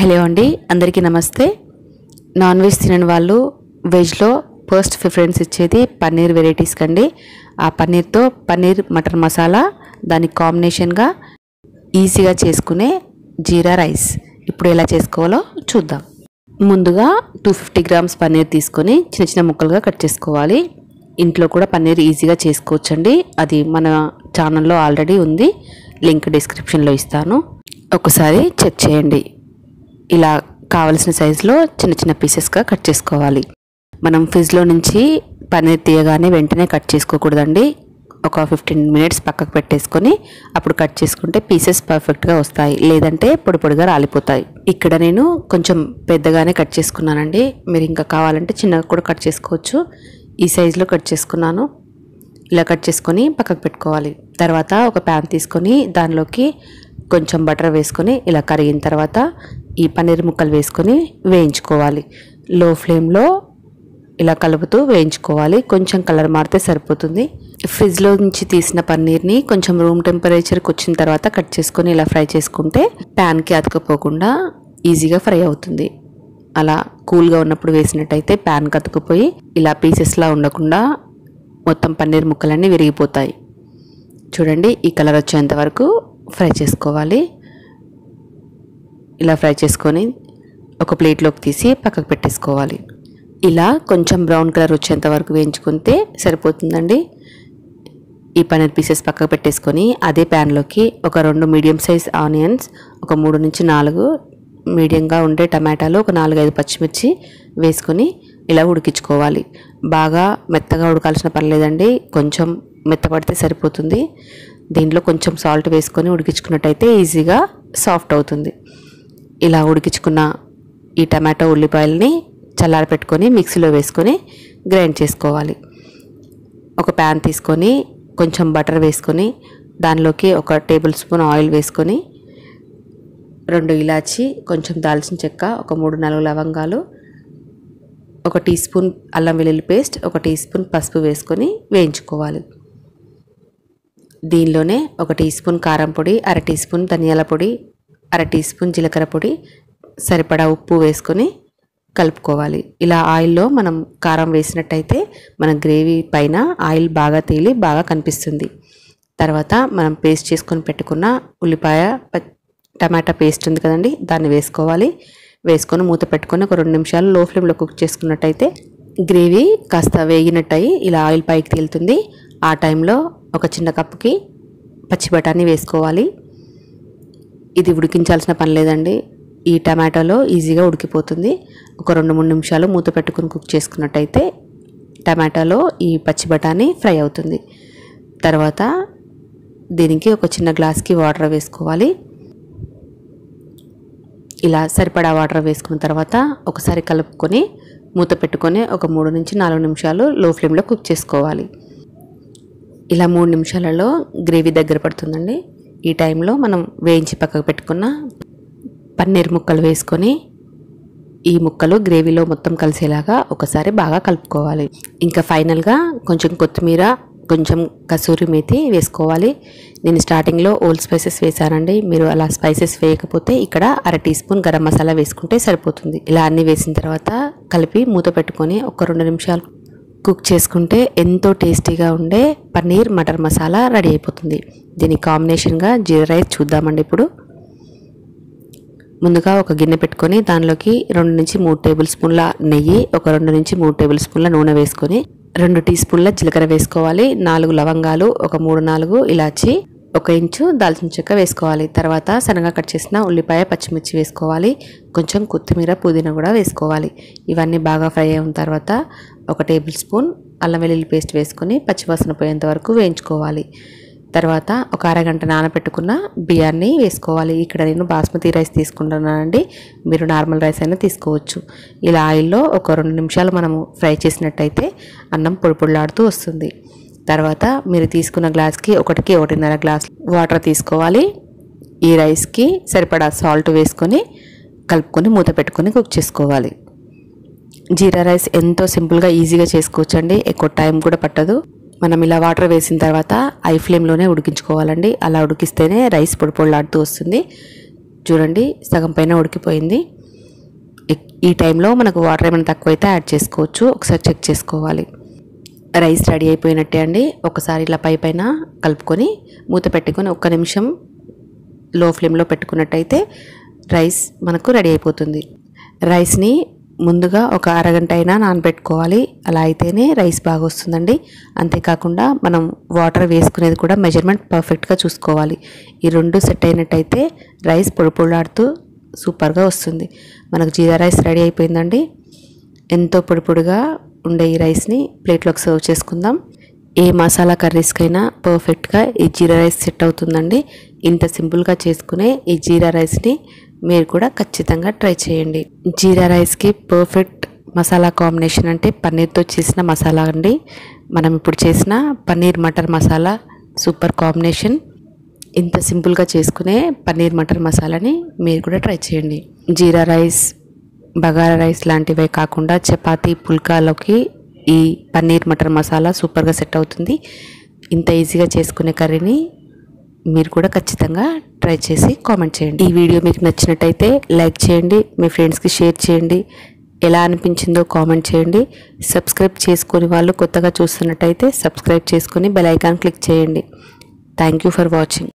hello అండి అందరికీ నమస్తే నాన్ వెజ్ తినని వాళ్ళు వెజ్లో ఫస్ట్ ప్రిఫరెన్స్ ఇచ్చేది పన్నీర్ వెరైటీస్కి అండి ఆ పన్నీర్తో పన్నీర్ మటన్ మసాలా దానికి కాంబినేషన్గా ఈజీగా చేసుకునే జీరా రైస్ ఇప్పుడు ఎలా చేసుకోవాలో చూద్దాం ముందుగా టూ ఫిఫ్టీ గ్రామ్స్ పన్నీర్ తీసుకొని చిన్న చిన్న ముక్కలుగా కట్ చేసుకోవాలి ఇంట్లో కూడా పన్నీర్ ఈజీగా చేసుకోవచ్చండి అది మన ఛానల్లో ఆల్రెడీ ఉంది లింక్ డిస్క్రిప్షన్లో ఇస్తాను ఒకసారి చెక్ చేయండి ఇలా కావలసిన సైజులో చిన్న చిన్న పీసెస్గా కట్ చేసుకోవాలి మనం ఫ్రిడ్జ్లో నుంచి పన్నీర్ తీయగానే వెంటనే కట్ చేసుకోకూడదండి ఒక ఫిఫ్టీన్ మినిట్స్ పక్కకు పెట్టేసుకొని అప్పుడు కట్ చేసుకుంటే పీసెస్ పర్ఫెక్ట్గా వస్తాయి లేదంటే పొడి పొడిగా రాలిపోతాయి ఇక్కడ నేను కొంచెం పెద్దగానే కట్ చేసుకున్నానండి మీరు ఇంకా కావాలంటే చిన్నగా కూడా కట్ చేసుకోవచ్చు ఈ సైజులో కట్ చేసుకున్నాను ఇలా కట్ చేసుకొని పక్కకు పెట్టుకోవాలి తర్వాత ఒక ప్యాన్ తీసుకొని దానిలోకి కొంచెం బటర్ వేసుకొని ఇలా కరిగిన తర్వాత ఈ పన్నీర్ ముక్కలు వేసుకొని వేయించుకోవాలి లో ఫ్లేమ్లో ఇలా కలుపుతూ వేయించుకోవాలి కొంచెం కలర్ మారితే సరిపోతుంది ఫ్రిడ్జ్లో నుంచి తీసిన పన్నీర్ని కొంచెం రూమ్ టెంపరేచర్కి వచ్చిన తర్వాత కట్ చేసుకొని ఇలా ఫ్రై చేసుకుంటే ప్యాన్కి అతుకపోకుండా ఈజీగా ఫ్రై అవుతుంది అలా కూల్గా ఉన్నప్పుడు వేసినట్టయితే ప్యాన్కి అతుకుపోయి ఇలా పీసెస్లా ఉండకుండా మొత్తం పన్నీర్ ముక్కలన్నీ విరిగిపోతాయి చూడండి ఈ కలర్ వచ్చేంత వరకు ఫ్రై చేసుకోవాలి ఇలా ఫ్రై చేసుకొని ఒక ప్లేట్లోకి తీసి పక్కకు పెట్టేసుకోవాలి ఇలా కొంచెం బ్రౌన్ కలర్ వచ్చేంత వరకు వేయించుకుంటే సరిపోతుందండి ఈ పన్నీర్ పీసెస్ పక్కకు పెట్టేసుకొని అదే ప్యాన్లోకి ఒక రెండు మీడియం సైజ్ ఆనియన్స్ ఒక మూడు నుంచి నాలుగు మీడియంగా ఉండే టమాటాలు ఒక నాలుగైదు పచ్చిమిర్చి వేసుకొని ఇలా ఉడికించుకోవాలి బాగా మెత్తగా ఉడకాల్సిన పని లేదండి కొంచెం మెత్తపడితే సరిపోతుంది దీంట్లో కొంచెం సాల్ట్ వేసుకొని ఉడికించుకున్నట్టయితే ఈజీగా సాఫ్ట్ అవుతుంది ఇలా ఉడికించుకున్న ఈ టమాటో ఉల్లిపాయలని చల్లారపెట్టుకొని మిక్సీలో వేసుకొని గ్రైండ్ చేసుకోవాలి ఒక ప్యాన్ తీసుకొని కొంచెం బటర్ వేసుకొని దానిలోకి ఒక టేబుల్ స్పూన్ ఆయిల్ వేసుకొని రెండు ఇలాచి కొంచెం దాల్చిన చెక్క ఒక మూడు నాలుగు లవంగాలు ఒక టీ స్పూన్ అల్లం వెల్లుల్లి పేస్ట్ ఒక టీ స్పూన్ పసుపు వేసుకొని వేయించుకోవాలి దీనిలోనే ఒక టీ స్పూన్ కారం పొడి అర టీ స్పూన్ ధనియాల పొడి అర టీ స్పూన్ జీలకర్ర పొడి సరిపడా ఉప్పు వేసుకొని కలుపుకోవాలి ఇలా ఆయిల్లో మనం కారం వేసినట్టయితే మన గ్రేవీ పైన ఆయిల్ బాగా తేలి బాగా కనిపిస్తుంది తర్వాత మనం పేస్ట్ చేసుకొని పెట్టుకున్న ఉల్లిపాయ టమాటా పేస్ట్ ఉంది కదండి దాన్ని వేసుకోవాలి వేసుకొని మూత పెట్టుకొని ఒక రెండు నిమిషాలు లో ఫ్లేమ్లో కుక్ చేసుకున్నట్టయితే గ్రేవీ కాస్త వేగినట్టయి ఇలా ఆయిల్ పైకి తేలుతుంది ఆ టైంలో ఒక చిన్న కప్పుకి పచ్చి బఠానీ వేసుకోవాలి ఇది ఉడికించాల్సిన పని లేదండి ఈ టమాటాలో ఈజీగా ఉడికిపోతుంది ఒక రెండు మూడు నిమిషాలు మూత పెట్టుకుని కుక్ చేసుకున్నట్టయితే టమాటాలో ఈ పచ్చి బఠానీ ఫ్రై అవుతుంది తర్వాత దీనికి ఒక చిన్న గ్లాస్కి వాటర్ వేసుకోవాలి ఇలా సరిపడా వాటర్ వేసుకున్న తర్వాత ఒకసారి కలుపుకొని మూత పెట్టుకొని ఒక మూడు నుంచి నాలుగు నిమిషాలు లో ఫ్లేమ్లో కుక్ చేసుకోవాలి ఇలా మూడు నిమిషాలలో గ్రేవీ దగ్గర పడుతుందండి ఈ టైంలో మనం వేయించి పక్కకు పెట్టుకున్న పన్నీర్ ముక్కలు వేసుకొని ఈ ముక్కలు గ్రేవీలో మొత్తం కలిసేలాగా ఒకసారి బాగా కలుపుకోవాలి ఇంకా ఫైనల్గా కొంచెం కొత్తిమీర కొంచెం కసూరి మేతి వేసుకోవాలి నేను స్టార్టింగ్లో ఓల్డ్ స్పైసెస్ వేసానండి మీరు అలా స్పైసెస్ వేయకపోతే ఇక్కడ అర టీ స్పూన్ గరం మసాలా వేసుకుంటే సరిపోతుంది ఇలా అన్నీ వేసిన తర్వాత కలిపి మూత పెట్టుకొని ఒక రెండు నిమిషాలు కుక్ చేసుకుంటే ఎంతో టేస్టీగా ఉండే పన్నీర్ మటర్ మసాలా రెడీ అయిపోతుంది దీని కాంబినేషన్గా జీరా రైస్ చూద్దామండి ఇప్పుడు ముందుగా ఒక గిన్నె పెట్టుకొని దానిలోకి రెండు నుంచి మూడు టేబుల్ స్పూన్ల నెయ్యి ఒక రెండు నుంచి మూడు టేబుల్ స్పూన్ల నూనె వేసుకొని రెండు టీ స్పూన్ల జీలకర్ర వేసుకోవాలి నాలుగు లవంగాలు ఒక మూడు నాలుగు ఇలాచి ఒక ఇంచు దాల్చిన చెక్క వేసుకోవాలి తర్వాత సన్నగా కట్ చేసిన ఉల్లిపాయ పచ్చిమిర్చి వేసుకోవాలి కొంచెం కొత్తిమీర పుదీనా కూడా వేసుకోవాలి ఇవన్నీ బాగా ఫ్రై అయిన తర్వాత ఒక టేబుల్ స్పూన్ అల్లం వెల్లుల్లి పేస్ట్ వేసుకొని పచ్చివాసన పోయేంత వరకు వేయించుకోవాలి తర్వాత ఒక అరగంట నానబెట్టుకున్న బియ్యాన్ని వేసుకోవాలి ఇక్కడ నేను బాస్మతి రైస్ తీసుకుంటున్నానండి మీరు నార్మల్ రైస్ అయినా తీసుకోవచ్చు ఇలా ఆయిల్లో ఒక రెండు నిమిషాలు మనము ఫ్రై చేసినట్టయితే అన్నం పొడిపొడిలాడుతూ వస్తుంది తర్వాత మీరు తీసుకున్న గ్లాస్కి ఒకటికి ఒకటిన్నర గ్లాస్ వాటర్ తీసుకోవాలి ఈ రైస్కి సరిపడా సాల్ట్ వేసుకొని కలుపుకొని మూత పెట్టుకొని కుక్ చేసుకోవాలి జీరా రైస్ ఎంతో సింపుల్గా ఈజీగా చేసుకోవచ్చండి ఎక్కువ టైం కూడా పట్టదు మనం ఇలా వాటర్ వేసిన తర్వాత ఐ ఫ్లేమ్లోనే ఉడికించుకోవాలండి అలా ఉడికిస్తేనే రైస్ పొడి వస్తుంది చూడండి సగం పైన ఉడికిపోయింది ఈ టైంలో మనకు వాటర్ ఏమైనా తక్కువైతే యాడ్ చేసుకోవచ్చు ఒకసారి చెక్ చేసుకోవాలి రైస్ రెడీ అయిపోయినట్టే అండి ఒకసారి ఇలా పై పైన కలుపుకొని మూత పెట్టుకొని ఒక్క నిమిషం లో ఫ్లేమ్లో పెట్టుకున్నట్టయితే రైస్ మనకు రెడీ అయిపోతుంది రైస్ని ముందుగా ఒక అరగంట అయినా నానబెట్టుకోవాలి అలా అయితేనే రైస్ బాగా వస్తుందండి అంతేకాకుండా మనం వాటర్ వేసుకునేది కూడా మెజర్మెంట్ పర్ఫెక్ట్గా చూసుకోవాలి ఈ రెండు సెట్ అయినట్టయితే రైస్ పొడిపొడులాడుతూ సూపర్గా వస్తుంది మనకు జీరా రైస్ రెడీ అయిపోయిందండి ఎంతో పొడిపొడిగా ఉండే ఈ రైస్ని ప్లేట్లోకి సర్వ్ చేసుకుందాం ఏ మసాలా కర్రీస్కైనా పర్ఫెక్ట్గా ఈ జీరా రైస్ సెట్ అవుతుందండి ఇంత సింపుల్గా చేసుకునే ఈ జీరా రైస్ని మీరు కూడా ఖచ్చితంగా ట్రై చేయండి జీరా రైస్కి పర్ఫెక్ట్ మసాలా కాంబినేషన్ అంటే పన్నీర్తో చేసిన మసాలా అండి మనం ఇప్పుడు చేసిన పన్నీర్ మటర్ మసాలా సూపర్ కాంబినేషన్ ఇంత సింపుల్గా చేసుకునే పన్నీర్ మటర్ మసాలాని మీరు కూడా ట్రై చేయండి జీరా రైస్ బగారా రైస్ లాంటివే కాకుండా చపాతీ పుల్కాలోకి ఈ పన్నీర్ మటర్ మసాలా సూపర్గా సెట్ అవుతుంది ఇంత ఈజీగా చేసుకునే కర్రీని మీరు కూడా ఖచ్చితంగా ట్రై చేసి కామెంట్ చేయండి ఈ వీడియో మీకు నచ్చినట్టయితే లైక్ చేయండి మీ ఫ్రెండ్స్కి షేర్ చేయండి ఎలా అనిపించిందో కామెంట్ చేయండి సబ్స్క్రైబ్ చేసుకుని వాళ్ళు కొత్తగా చూస్తున్నట్టయితే సబ్స్క్రైబ్ చేసుకుని బెల్ ఐకాన్ క్లిక్ చేయండి థ్యాంక్ ఫర్ వాచింగ్